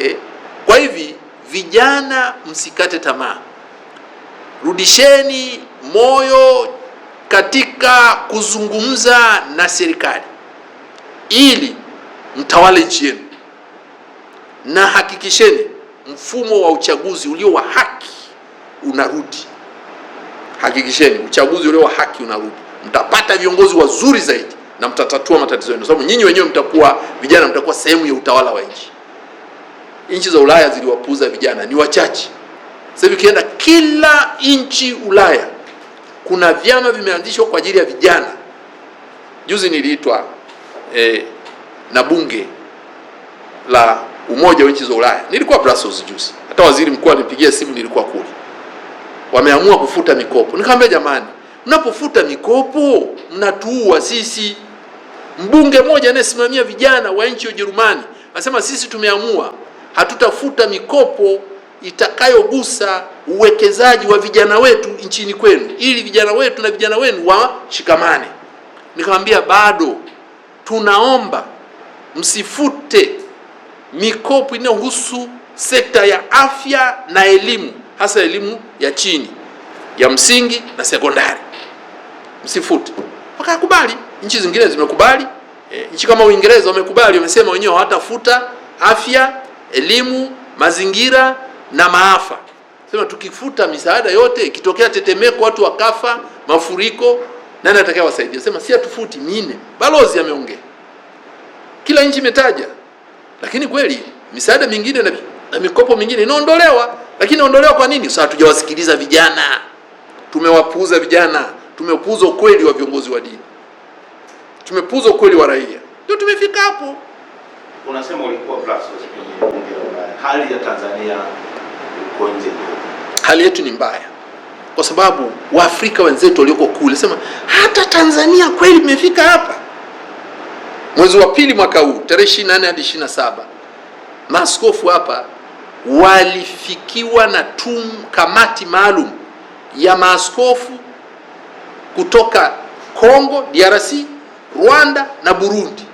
eh. Kwa hivi vijana, msikate tamaa, rudisheni moyo katika kuzungumza na serikali ili mtawale nchi yenu, na hakikisheni mfumo wa uchaguzi ulio wa haki unarudi. Hakikisheni uchaguzi ulio wa haki unarudi, mtapata viongozi wazuri zaidi na mtatatua matatizo yenu, sababu nyinyi wenyewe mtakuwa vijana, mtakuwa sehemu ya utawala wa nchi nchi za Ulaya ziliwapuuza vijana, ni wachache. Sasa hivi ukienda kila nchi Ulaya kuna vyama vimeanzishwa kwa ajili ya vijana. Juzi niliitwa eh, na bunge la umoja wa nchi za Ulaya, nilikuwa Brussels juzi, hata waziri mkuu alipigia simu, nilikuwa kule. Wameamua kufuta mikopo, nikamwambia jamani, mnapofuta mikopo mnatuua sisi. Mbunge mmoja anayesimamia vijana wa nchi ya Ujerumani anasema sisi tumeamua hatutafuta mikopo itakayogusa uwekezaji wa vijana wetu nchini kwenu, ili vijana wetu na vijana wenu washikamane. Nikamwambia bado tunaomba msifute mikopo inayohusu sekta ya afya na elimu, hasa elimu ya chini ya msingi na sekondari, msifute. Wakakubali, nchi zingine zimekubali. E, nchi kama Uingereza wamekubali, wamesema wenyewe hawatafuta afya elimu, mazingira na maafa. Sema tukifuta misaada yote, ikitokea tetemeko, watu wakafa, mafuriko, nani wasaidia? Sema si atufuti mine. Balozi ameongea, kila nchi imetaja, lakini kweli misaada mingine na, na mikopo mingine inaondolewa, lakini inaondolewa kwa nini? Sasa hatujawasikiliza vijana, tumewapuuza vijana, tumepuuza ukweli wa viongozi wa dini, tumepuuza ukweli wa raia, ndio tumefika hapo unasema ulikuwa Brussels kwenye bunge la Ulaya, hali ya Tanzania iko nje. Hali yetu ni mbaya kwa sababu Waafrika wenzetu walioko kule sema hata Tanzania kweli imefika hapa. Mwezi wa pili mwaka huu tarehe 24 hadi 27 maaskofu hapa walifikiwa na tum kamati maalum ya maaskofu kutoka Kongo, DRC, Rwanda na Burundi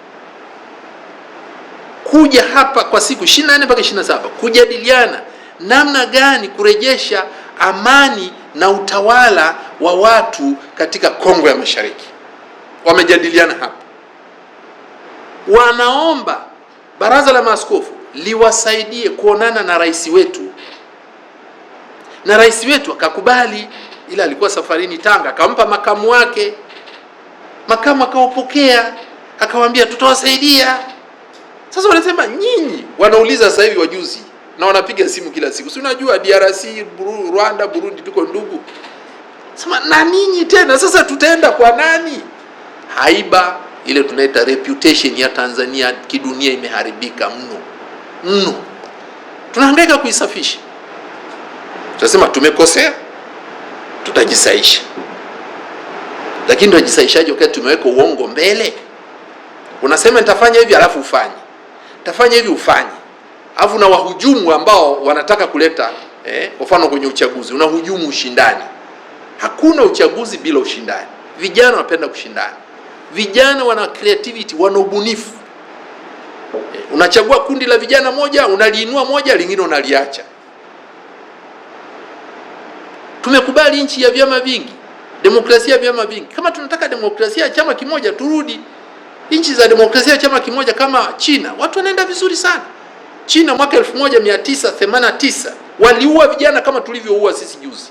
kuja hapa kwa siku 24 mpaka 27 kujadiliana namna gani kurejesha amani na utawala wa watu katika Kongo ya Mashariki. Wamejadiliana hapa, wanaomba baraza la maaskofu liwasaidie kuonana na rais wetu, na rais wetu akakubali, ila alikuwa safarini Tanga, akampa makamu wake, makamu akaupokea, akawaambia tutawasaidia. Sasa wanasema nyinyi, wanauliza sasa hivi wajuzi na wanapiga simu kila siku, si unajua DRC, Buru, Rwanda, Burundi tuko ndugu. Sema na ninyi tena, sasa tutaenda kwa nani? Haiba ile tunaita reputation ya Tanzania kidunia imeharibika mno mno, tunahangaika kuisafisha. Tutasema tumekosea, tutajisaisha, lakini tutajisaishaje wakati tumeweka uongo mbele? Unasema nitafanya hivi, alafu ufanye utafanya hivi ufanye, alafu na wahujumu ambao wanataka kuleta eh, kwa mfano kwenye uchaguzi unahujumu ushindani. Hakuna uchaguzi bila ushindani. Vijana wanapenda kushindana, vijana wana creativity, wana ubunifu eh, unachagua kundi la vijana moja, unaliinua moja, lingine unaliacha. Tumekubali nchi ya vyama vingi, demokrasia ya vyama vingi. Kama tunataka demokrasia ya chama kimoja, turudi nchi za demokrasia chama kimoja kama China, watu wanaenda vizuri sana. China mwaka 1989 waliua vijana kama tulivyoua sisi juzi.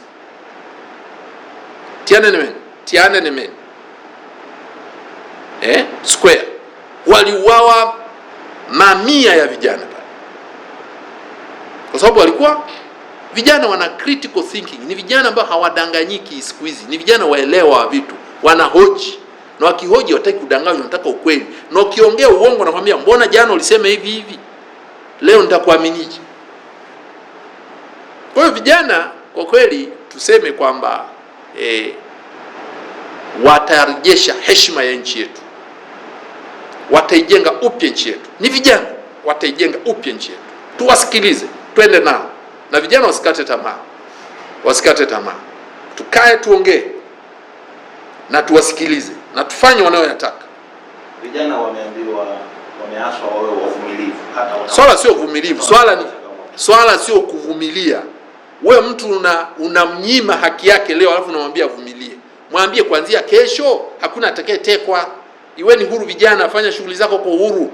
Tiananmen, Tiananmen eh, square waliuawa mamia ya vijana pale, kwa sababu walikuwa vijana wana critical thinking, ni vijana ambao hawadanganyiki siku hizi, ni vijana waelewa vitu, wanahoji na wakihoji wataki kudanganywa, nataka ukweli, na ukiongea uongo nakwambia, mbona jana ulisema hivi hivi, leo nitakuaminije? Kwa hiyo vijana, kwa kweli tuseme kwamba e, watarejesha heshima ya nchi yetu, wataijenga upya nchi yetu. Ni vijana wataijenga upya nchi yetu, tuwasikilize, twende nao, na vijana wasikate tamaa, wasikate tamaa, tukae tuongee na tuwasikilize na tufanye wanayoyataka. Vijana wameambiwa, wameaswa wawe wavumilivu, hata swala sio uvumilivu, swala ni swala sio kuvumilia. We mtu una unamnyima haki yake leo, alafu unamwambia avumilie. Mwambie kuanzia kesho hakuna atakayetekwa. Iweni huru vijana, fanya shughuli zako kwa uhuru.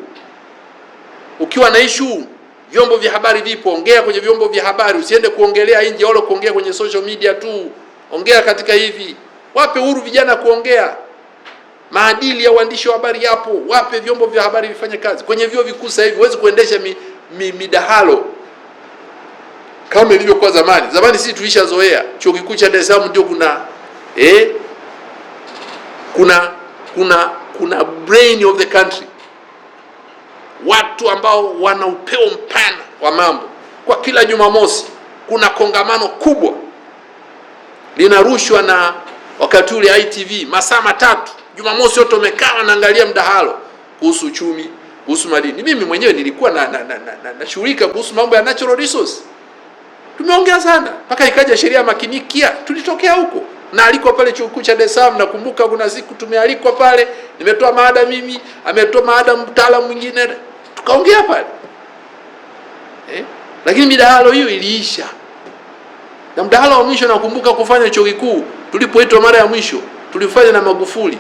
Ukiwa na ishu, vyombo vya habari vipo, ongea kwenye vyombo vya habari, usiende kuongelea nje wala kuongea kwenye social media tu. Ongea katika hivi, wape uhuru vijana kuongea maadili ya uandishi wa habari yapo, wape vyombo vya habari vifanye kazi. Kwenye vyuo vikuu sasa hivi huwezi kuendesha mi, mi, midahalo kama ilivyokuwa zamani. Zamani sisi tulishazoea, chuo kikuu cha Dar es Salaam ndio kuna eh, kuna kuna kuna brain of the country, watu ambao wana upeo mpana wa mambo. Kwa kila Jumamosi kuna kongamano kubwa linarushwa na wakati ule ITV masaa matatu Jumamosi yote umekaa wanaangalia mdahalo kuhusu uchumi, kuhusu madini. Mimi mwenyewe nilikuwa na na na, na, na na shirika kuhusu mambo ya natural resource. Tumeongea sana mpaka ikaja sheria ya makinikia, tulitokea huko na alikuwa pale chuo kikuu cha Dar es Salaam. Nakumbuka kuna siku tumealikwa pale, nimetoa maada mimi, ametoa maada mtaalamu mwingine, tukaongea pale eh? Lakini midahalo hiyo iliisha, na mdahalo wa mwisho nakumbuka kufanya chuo kikuu tulipoitwa mara ya mwisho tulifanya na Magufuli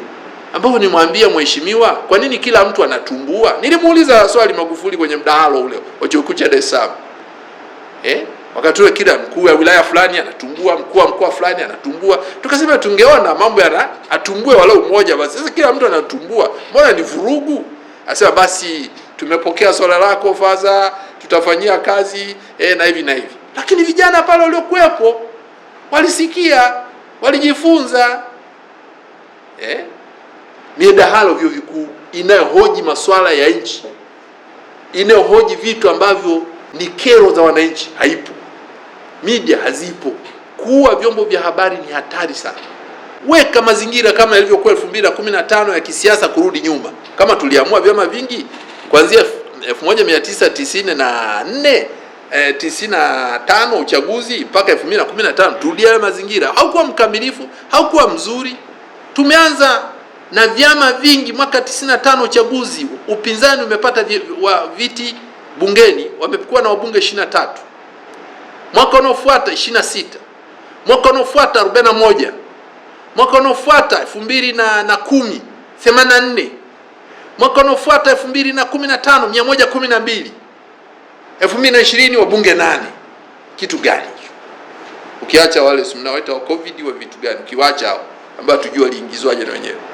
ambapo nimwambia mheshimiwa, kwa nini kila mtu anatumbua? Nilimuuliza swali Magufuli kwenye mdahalo ule wa chuo cha Dar es Salaam eh, wakati ule kila mkuu wa wilaya fulani anatumbua, mkuu wa mkoa fulani anatumbua. Tukasema tungeona mambo yana atumbue walau mmoja basi. Sasa kila mtu anatumbua, mbona ni vurugu? Asema basi, tumepokea swala lako faza, tutafanyia kazi eh, na hivi na hivi. Lakini vijana pale waliokuwepo walisikia, walijifunza eh midahalo vyuo vikuu inayohoji masuala ya nchi, inayohoji vitu ambavyo ni kero za wananchi, haipo. Media hazipo. Kuwa vyombo vya habari ni hatari sana. Weka mazingira kama yalivyokuwa 2015 ya kisiasa kurudi nyuma, kama tuliamua vyama vingi kuanzia 1994 eh, uchaguzi mpaka 2015 tulia mazingira. Haukuwa mkamilifu, haukuwa mzuri. Tumeanza na vyama vingi. Mwaka 95 uchaguzi, upinzani umepata wa viti bungeni, wamekuwa na wabunge 23. Mwaka unaofuata 26, mwaka unaofuata 41, mwaka unaofuata 2010 84, mwaka unaofuata 2015 112, 2020 wabunge nane Kitu gani ukiacha wale si mnawaita wa covid wa vitu gani? Ukiwacha ambao tujua waliingizwaje na wenyewe